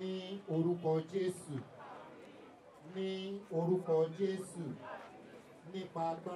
ní orúkọ Jésù ní orúkọ Jésù nípa agbára.